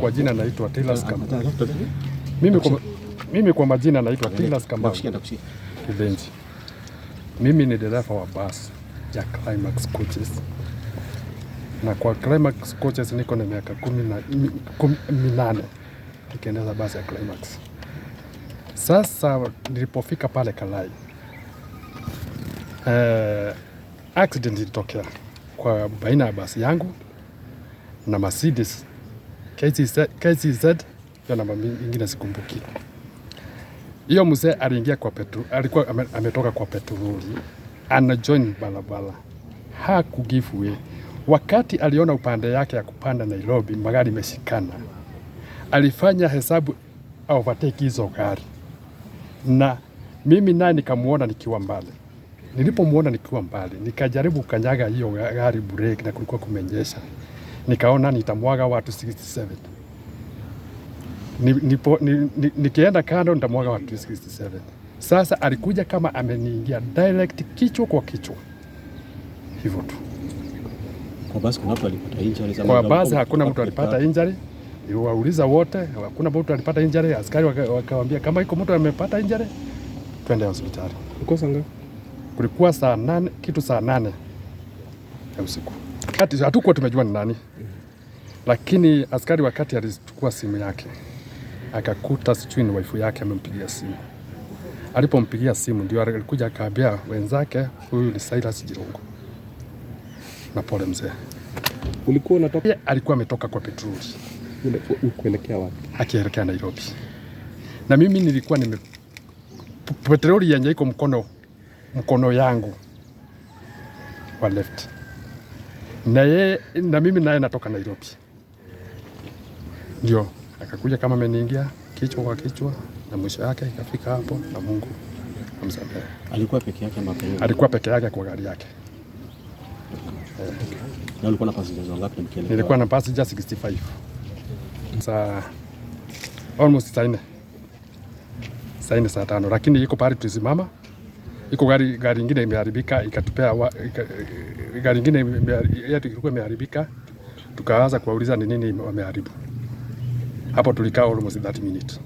Kwa jina naitwa Tilas Kamau. Mimi kwa, mimi kwa majina naitwa Tilas Kamau Kibenji. Mimi ni dereva wa basi ya Climax Coaches na kwa Climax Coaches niko na miaka kumi na minane nikiendeza basi ya Climax. Sasa nilipofika pale Kalai eh, accident ilitokea kwa baina ya basi yangu na Mercedes KCZ ya namba ingine sikumbuki. Hiyo mzee aliingia kwa petro, alikuwa ametoka kwa petroli ana join barabara, hakugive way. Wakati aliona upande yake ya kupanda Nairobi magari meshikana, alifanya hesabu overtake hizo gari, na mimi naye nikamuona nikiwa mbali. Nilipomuona nikiwa mbali, nikajaribu kanyaga hiyo gari brake, na kulikuwa kumenyesha nikaona nitamwaga watu 67 ni, nipo, ni, ni, nikienda kando nitamwaga watu 67. Sasa alikuja kama ameniingia direct kichwa kwa kichwa hivyo tu. Kwa basi hakuna mtu alipata injury. iwauliza wote, hakuna mtu alipata injury. Askari wakawambia kama iko mtu amepata injury, twende hospitali. Kulikuwa saa nane, kitu saa nane ya usiku wakati hatukuwa tumejua ni nani, lakini askari wakati alichukua simu yake akakuta sijui ni waifu yake amempigia simu. Alipompigia simu ndio alikuja akaambia wenzake, huyu ni Silas Jirongo na pole mzee. Ulikuwa unatoka? Alikuwa ametoka kwa petroli kuelekea wapi? Akielekea Nairobi, na mimi nilikuwa nime petroli yenye iko mkono mkono yangu wa left na ye, na mimi naye natoka Nairobi, ndio akakuja kama ameniingia kichwa kwa kichwa, na mwisho yake ikafika hapo, na Mungu amsamehe. Alikuwa peke yake, alikuwa peke yake kwa gari yake. Nilikuwa na passenger 65 saa almost saa nne saa nne saa tano, lakini iko pahali tuzimama iko gari, gari ingine imeharibika ikatupea gari ingine ilikuwa imeharibika, tukaanza kuwauliza ni nini wameharibu. Hapo tulikaa almost 30 minutes.